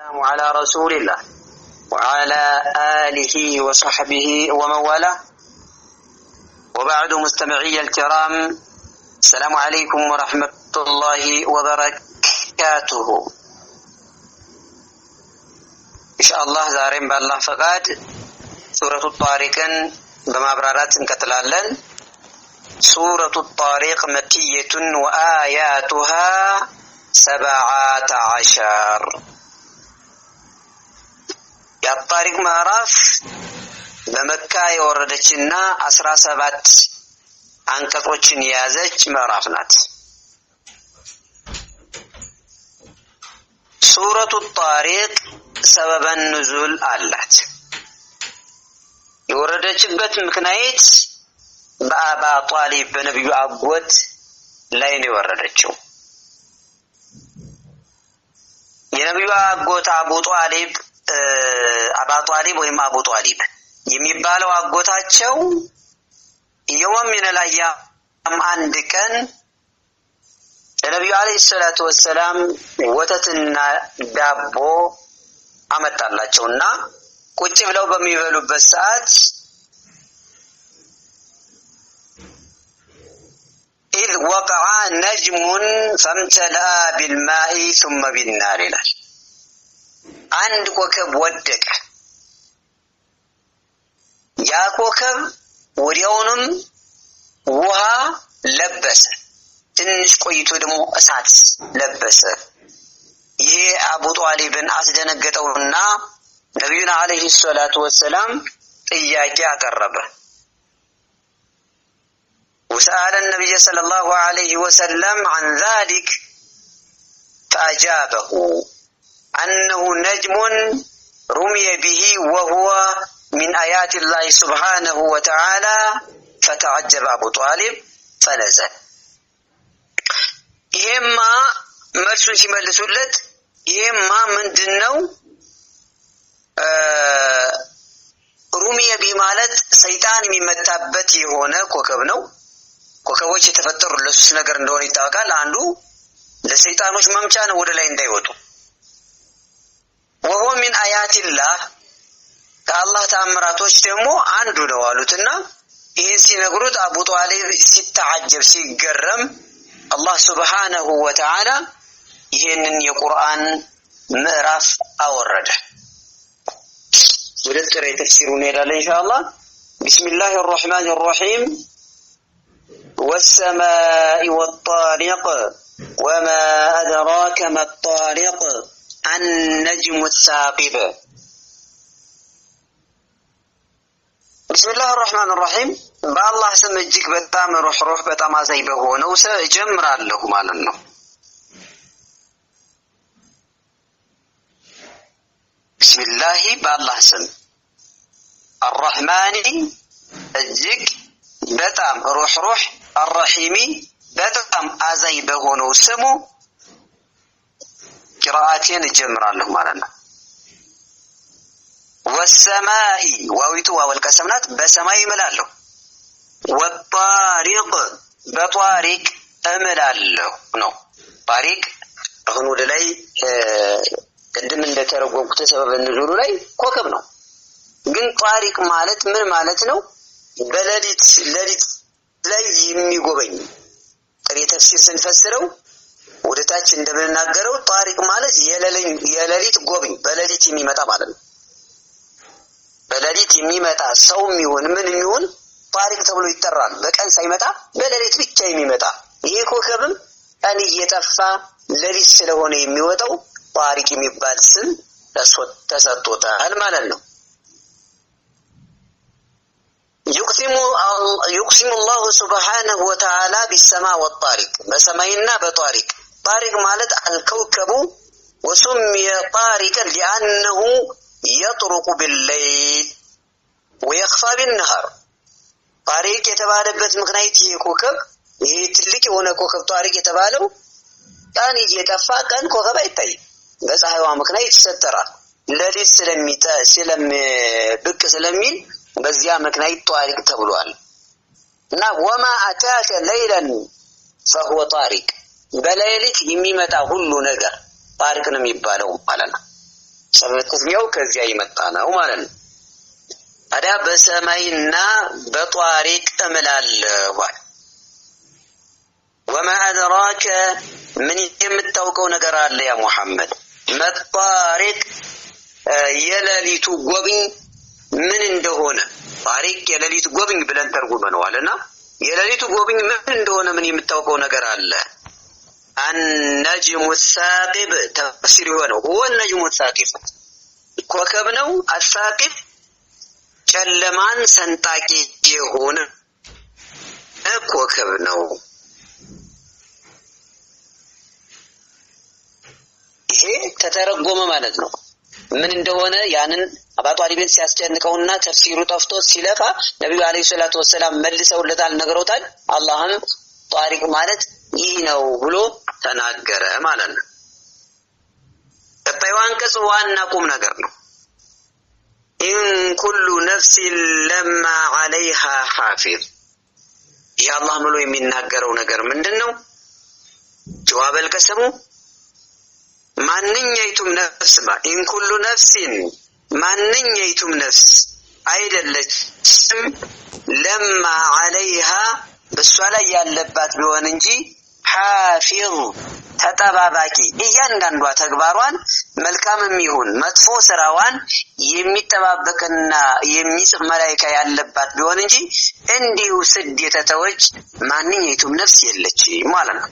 السلام على رسول الله وعلى آله وصحبه ومن والاه وبعد مستمعي الكرام السلام عليكم ورحمة الله وبركاته إن شاء الله زارين بالله فقاد سورة الطارق بما برارات كتلالا سورة الطارق مكية وآياتها سبعة عشر የአጣሪቅ ምዕራፍ በመካ የወረደችና አስራ ሰባት አንቀጾችን የያዘች ምዕራፍ ናት። ሱረቱ ጣሪቅ ሰበበን ንዙል አላት። የወረደችበት ምክንያት በአባ ጣሊብ በነቢዩ አጎት ላይ ነው የወረደችው። የነቢዩ አጎት አቡ ጣሊብ አባ ጧሊብ ወይም አቡ ጧሊብ የሚባለው አጎታቸው የወም ሚነላያም አንድ ቀን ለነቢዩ አለህ ሰላቱ ወሰላም ወተትና ዳቦ አመጣላቸውና ቁጭ ብለው በሚበሉበት ሰዓት ኢዝ ወቀዐ ነጅሙን ፈምተላ ቢልማኢ ሱመ ቢናር ይላል። عند كوكب ودك يا كوكب وريونم وها لبس تنش قويتو دمو أسات لبس يه أبو طالب بن أسد نقطعنا نبينا عليه الصلاة والسلام إياك يا ترب وسأل النبي صلى الله عليه وسلم عن ذلك فأجابه أنه نجم رمي به وهو من آيات الله سبحانه وتعالى فتعجب أبو طالب فنزل يما مرسو شمال سلت يما من دنو رمي بمالت سيطان من متابتي هنا كوكبنو كوكبوش تفتر لسوس نقر ندوني تاكا لاندو لسيطان مش ممشان لين دايوتو وهو من آيات الله كالله تأمر تشتمو عندو لوالوتنا إن إيه سنقرد أبو طالب ستة ستعجب سيقرم الله سبحانه وتعالى أن القرآن مراف أورد ودتر يتفسرون إلى إن شاء الله بسم الله الرحمن الرحيم والسماء والطالق وما أدراك ما الطالق نجم الثاقب بسم الله الرحمن الرحيم بالله سم اجيك بتام روح روح بتام ازاي بهونه وسا جمر الله مالنا بسم الله بالله سم الرحمن اجيك بتام روح روح الرحيم بتام ازاي بهونه سمو ቅራአቴን እጀምራለሁ ማለት ነው። ወሰማኢ ዋዊቱ ዋወል ቀሰም ናት። በሰማይ እምላለሁ። ወጣሪቅ በጧሪቅ እምላለሁ ነው። ጣሪቅ አሁን ወደ ላይ ቅድም እንደተረጎምኩት ሰበብ ንዙሉ ላይ ኮከብ ነው። ግን ጧሪቅ ማለት ምን ማለት ነው? በሌሊት ሌሊት ላይ የሚጎበኝ ጥሬ ተፍሲር ስንፈስረው ወደ ታች እንደምንናገረው ጣሪቅ ማለት የሌሊት ጎብኝ፣ በሌሊት የሚመጣ ማለት ነው። በሌሊት የሚመጣ ሰው የሚሆን ምን የሚሆን ጣሪቅ ተብሎ ይጠራል። በቀን ሳይመጣ በሌሊት ብቻ የሚመጣ ይሄ ኮከብም ቀን እየጠፋ ሌሊት ስለሆነ የሚወጣው ጣሪቅ የሚባል ስም ተሰጥቶታል ማለት ነው። يقسم يقسم الله سبحانه وتعالى بالسماء والطارق ما بطارق طارق مالت الكوكب وسمي طارقا لأنه يطرق بالليل ويخفى بالنهار طارق يتبالى بمغنائيته كوكب يتلك هنا كوكب طارق يتبالى كان يجي يتفا كان كوكب يتبالى بس هاي وامكنا يتسترى لا لسلم سلم بك سلمين بزيا مكنايت طارق تبلوال نا وما أتاك ليلا فهو طارق بليلك يمي متى هل نجا طارق نمي بالو مالنا سبب تزيو كزيا يمتانا ومالنا أدا بسمينا بطارق أملال وال وما أدراك من يم يمتوكو نقرار يا محمد ما الطارق آه يلالي تقوبين ምን እንደሆነ ታሪክ የሌሊት ጎብኝ ብለን ተርጉመነዋል እና የሌሊቱ ጎብኝ ምን እንደሆነ ምን የምታውቀው ነገር አለ? አነጅሙ ሳቂብ ተፍሲር የሆነው ሁወ ነጅሙ ሳቂብ ኮከብ ነው። አሳቂብ ጨለማን ሰንጣቂ የሆነ ኮከብ ነው። ይሄ ተተረጎመ ማለት ነው። ምን እንደሆነ ያንን አባቱ ጧሊብን ሲያስጨንቀውና ተፍሲሩ ጠፍቶ ሲለፋ ነቢዩ አለ ሰላቱ ወሰላም መልሰውለታል፣ ነግረውታል። አላህም ጧሪቅ ማለት ይህ ነው ብሎ ተናገረ ማለት ነው። ቀጣዩ አንቀጽ ዋና ቁም ነገር ነው። ኢን ኩሉ ነፍሲን ለማ አለይሃ ሓፊዝ። ይህ አላህ ብሎ የሚናገረው ነገር ምንድን ነው? ጀዋበል ቀሰሙ ማንኛይቱም ነፍስ ኢንኩሉ ነፍሲን ማንኛይቱም ነፍስ አይደለችም ለማ አለይሃ በእሷ ላይ ያለባት ቢሆን እንጂ ሓፊዝ ተጠባባቂ እያንዳንዷ ተግባሯን መልካምም ይሁን መጥፎ ስራዋን የሚጠባበቅና የሚጽፍ መላይካ ያለባት ቢሆን እንጂ እንዲሁ ስድ የተተወች ማንኛይቱም ነፍስ የለች ማለት ነው።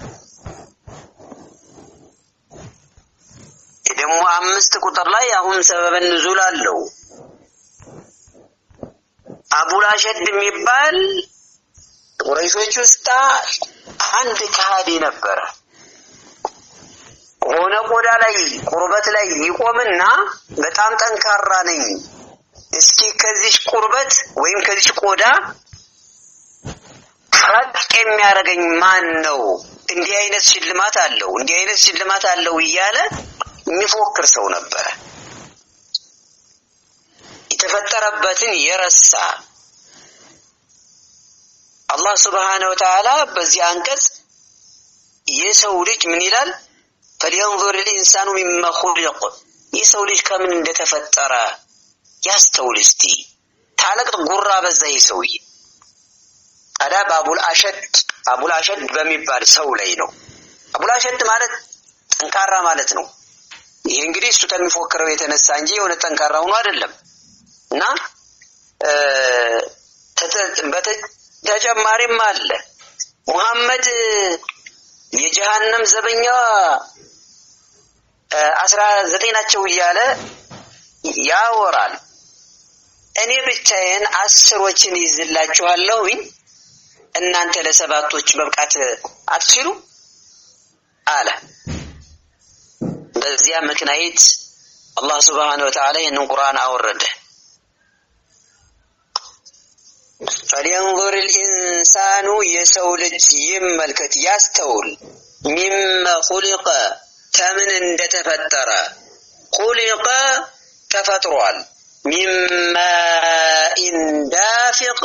ደግሞ አምስት ቁጥር ላይ አሁን ሰበበ ንዙል አለው። አቡላሸድ የሚባል ቁረይሾች ውስጥ አንድ ከሃዲ ነበረ። ሆነ ቆዳ ላይ ቁርበት ላይ ይቆምና በጣም ጠንካራ ነኝ፣ እስኪ ከዚች ቁርበት ወይም ከዚች ቆዳ ፈቅ የሚያደርገኝ ማን ነው? እንዲህ አይነት ሽልማት አለው፣ እንዲህ አይነት ሽልማት አለው እያለ የሚፎክር ሰው ነበረ። የተፈጠረበትን የረሳ አላህ ስብሓነ ወተዓላ በዚህ አንቀጽ የሰው ልጅ ምን ይላል? ፈልየንዙር ልኢንሳኑ ሚማ ኹሊቅ የሰው ልጅ ከምን እንደተፈጠረ ያስተውል እስቲ። ታለቅጥ ጉራ በዛ ይህ ሰውዬ ታዲያ በአቡል አሸድ አቡል አሸድ በሚባል ሰው ላይ ነው። አቡል አሸድ ማለት ጠንካራ ማለት ነው። ይሄ እንግዲህ እሱ ከሚፎክረው የተነሳ እንጂ የሆነ ጠንካራ ሆኖ አይደለም እና ተጨማሪም አለ ሙሐመድ የጀሃነም ዘበኛ አስራ ዘጠኝ ናቸው እያለ ያወራል። እኔ ብቻዬን አስሮችን ይዝላችኋለሁኝ እናንተ ለሰባቶች መብቃት አትችሉ አለ። بزيا مكنايت الله سبحانه وتعالى ان القران اورده فلينظر الانسان يسول يسولج يملكت يستول مما خلق كمن اندتفتر خلق تفترال مما ان دافق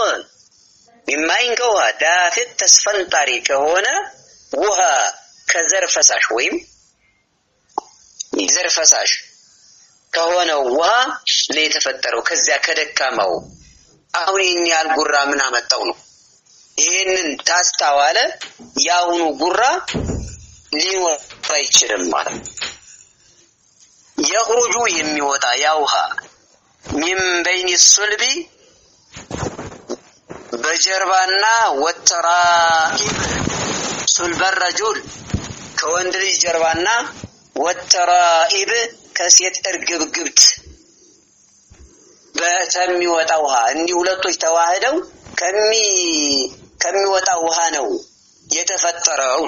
مما ان كوها دافق تسفن طريقه هنا وها كزر فساش ዘር ፈሳሽ ከሆነው ውሃ ነው የተፈጠረው። ከዚያ ከደካማው አሁን ይህን ያህል ጉራ ምን አመጣው ነው። ይህንን ታስታዋለ የአሁኑ ጉራ ሊኖር አይችልም ማለት ነው። የኽሩጁ የሚወጣ ያውሃ ውሃ ሚን በይኒ ሱልቢ በጀርባና ወተራ ሱልበን ረጁል ከወንድ ልጅ ጀርባና ወተራኢብ ከሴት እርግብግብት ከሚወጣ ውሃ እንዲህ ሁለቶች ተዋህደው ከሚወጣ ውሃ ነው የተፈጠረው።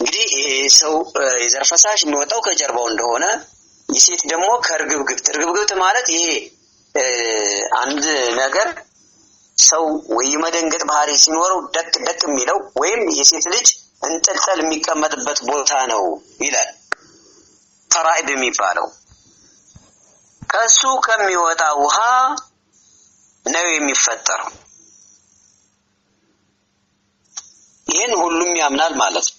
እንግዲህ ሰው የዘር ፈሳሽ የሚወጣው ከጀርባው እንደሆነ የሴት ደግሞ ከእርግብግብት እርግብግብት ማለት ይሄ አንድ ነገር ሰው ወይ መደንገጥ ባህሪ ሲኖረው ደቅ ደቅ የሚለው ወይም የሴት ልጅ እንጥልጥል የሚቀመጥበት ቦታ ነው ይላል ተራኢብ የሚባለው ከሱ ከሚወጣ ውሃ ነው የሚፈጠረው። ይህን ሁሉም ያምናል ማለት ነው።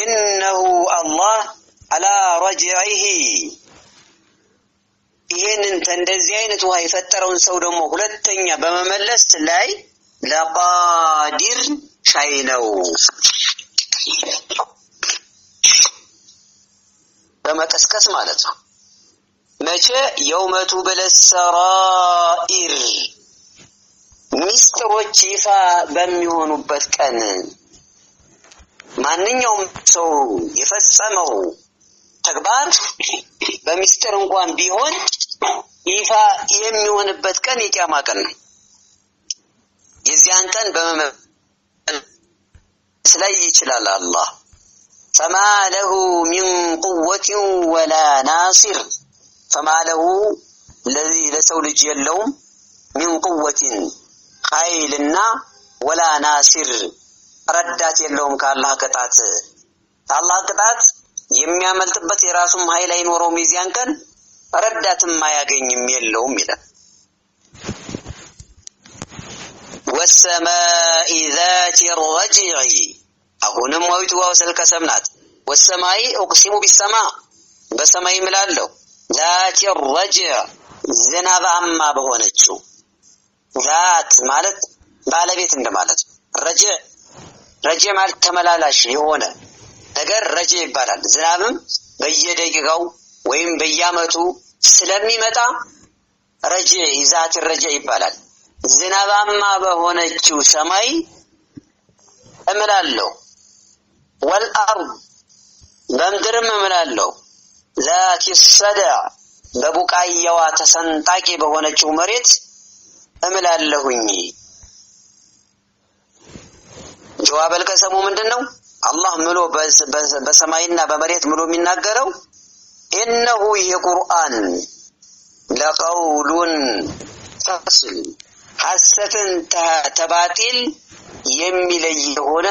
ኢነሁ አላህ አላ ረጅዒሂ ይህንን እንደዚህ አይነት ውሃ የፈጠረውን ሰው ደግሞ ሁለተኛ በመመለስ ላይ ለቃዲር ሻይ ነው። በመቀስቀስ ማለት ነው። መቼ የውመቱ በለሰራኢር ሚስጥሮች ይፋ በሚሆኑበት ቀን ማንኛውም ሰው የፈጸመው ተግባር በሚስጥር እንኳን ቢሆን ይፋ የሚሆንበት ቀን የቂያማ ቀን ነው። የዚያን ቀን በመመስ ላይ ይችላል አላህ فما له من قوة ولا ناصر فما له الذي لسول جيلهم من قوة خيلنا ولا ناصر ردات يلهم كالله قطعت الله قطعت يمي عمل تبت يراسم هاي لين ورومي زيان كان ردات ما يقين يمي اللهم والسماء ذات الرجعي አሁንም ዋዊቱ ዋው ስልከ ሰምናት ወሰማይ ኡቅሲሙ ቢሰማ በሰማይ ምላለው ዛቲ ረጅ ዝናባማ በሆነችው ዛት ማለት ባለቤት እንደማለት ረጅ ረጅ ማለት ተመላላሽ የሆነ ነገር ረጅ ይባላል። ዝናብም በየደቂቃው ወይም በየአመቱ ስለሚመጣ ረጅ ይዛት ረጅ ይባላል። ዝናባማ በሆነችው ሰማይ እምላለሁ ወልአርድ በምድርም እምላለሁ ዛቲ ሰዳ በቡቃያዋ ተሰንጣቂ በሆነችው መሬት እምላለሁኝ። ጀዋብ አልቀሰሙ ምንድን ነው? አላህ ምሎ በሰማይና በመሬት ምሎ የሚናገረው ኢነሁ ይህ ቁርአን ለቀውሉን ፈስል ሐሰትን ተባጢል የሚለይ የሆነ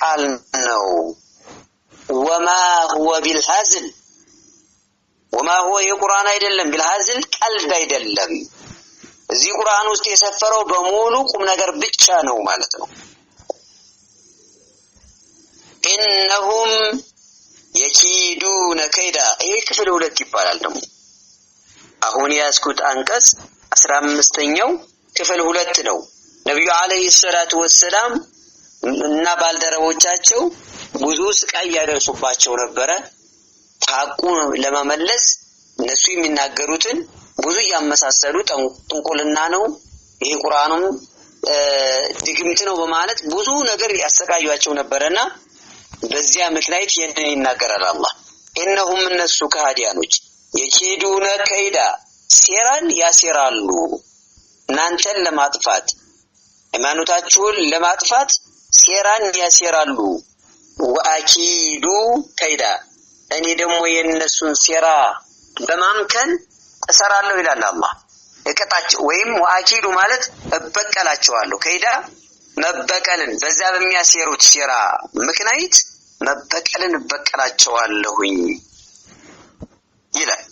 ቃል ነው። ወማ ሁወ ቢልሃዝል ወማ ሁወ የቁርአን አይደለም፣ ቢልሃዝል ቀልድ አይደለም። እዚህ ቁርአን ውስጥ የሰፈረው በሙሉ ቁም ነገር ብቻ ነው ማለት ነው። ኢነሁም የኪዱነ ከይዳ ይሄ ክፍል ሁለት ይባላል። ደግሞ አሁን የያዝኩት አንቀጽ አስራ አምስተኛው ክፍል ሁለት ነው። ነቢዩ አለይሂ ሰላቱ ወሰላም እና ባልደረቦቻቸው ብዙ ስቃይ እያደርሱባቸው ነበረ። ታቁ ለመመለስ እነሱ የሚናገሩትን ብዙ እያመሳሰሉ ጥንቁልና ነው ይህ ቁርአኑም ድግምት ነው በማለት ብዙ ነገር ያሰቃያቸው ነበረና በዚያ ምክንያት ይህንን ይናገራል አላህ። እነሁም እነሱ ከሃዲያኖች የኪዱነ ከይዳ ሴራን ያሴራሉ እናንተን ለማጥፋት ሃይማኖታችሁን ለማጥፋት ሴራን ያሴራሉ። ወአኪዱ ከይዳ እኔ ደግሞ የእነሱን ሴራ በማምከን እሰራለሁ ይላል አላህ። እቀጣቸው ወይም ወአኪዱ ማለት እበቀላቸዋለሁ። ከይዳ መበቀልን በዛ በሚያሴሩት ሴራ ምክንያት መበቀልን እበቀላቸዋለሁኝ ይላል።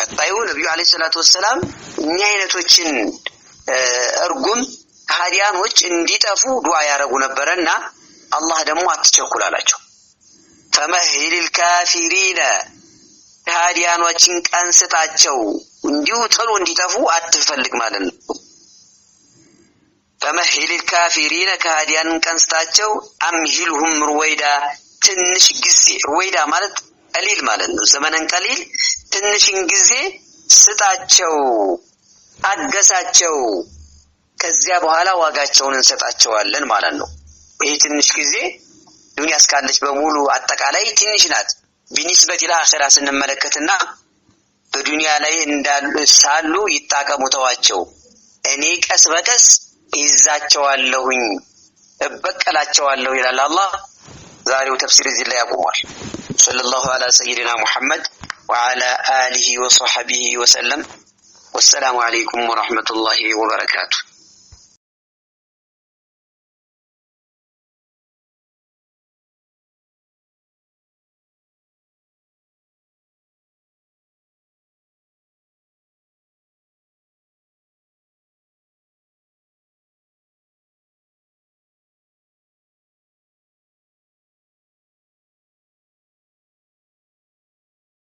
ቀጣዩ ነቢዩ አለይሂ ሰላቱ ወሰላም እኛ አይነቶችን እርጉም ክርስቲያኖች እንዲጠፉ ዱዓ ያደረጉ ነበረና አላህ ደግሞ አትቸኩል አላቸው። ፈመህሊል ካፊሪነ ከሃዲያኖችን ቀን ስጣቸው፣ እንዲሁ እንዲጠፉ አትፈልግ ማለት ነው። ፈመህሊል ካፊሪነ ከሃዲያንን ቀን ስጣቸው። አምሂልሁም ሩወይዳ ትንሽ ጊዜ ሩወይዳ ማለት ቀሊል ማለት ነው። ዘመነን ቀሊል ትንሽን ጊዜ ስጣቸው፣ አገሳቸው ከዚያ በኋላ ዋጋቸውን እንሰጣቸዋለን ማለት ነው። ይህ ትንሽ ጊዜ ዱንያ እስካለች በሙሉ አጠቃላይ ትንሽ ናት። ቢኒስበት ኢላ አኼራ ስንመለከትና በዱንያ ላይ እንዳሉ ሳሉ ይታቀሙ፣ ተዋቸው፣ እኔ ቀስ በቀስ ይዛቸዋለሁኝ፣ እበቀላቸዋለሁ ይላል አላህ። ዛሬው ተፍሲር እዚህ ላይ ያቁሟል። ሰለላሁ ዐላ ሰይድና ሙሐመድ ወዐላ አሊሂ ወሰሐቢሂ ወሰለም። ወሰላሙ ዐለይኩም ወረሕመቱላሂ ወበረካቱ።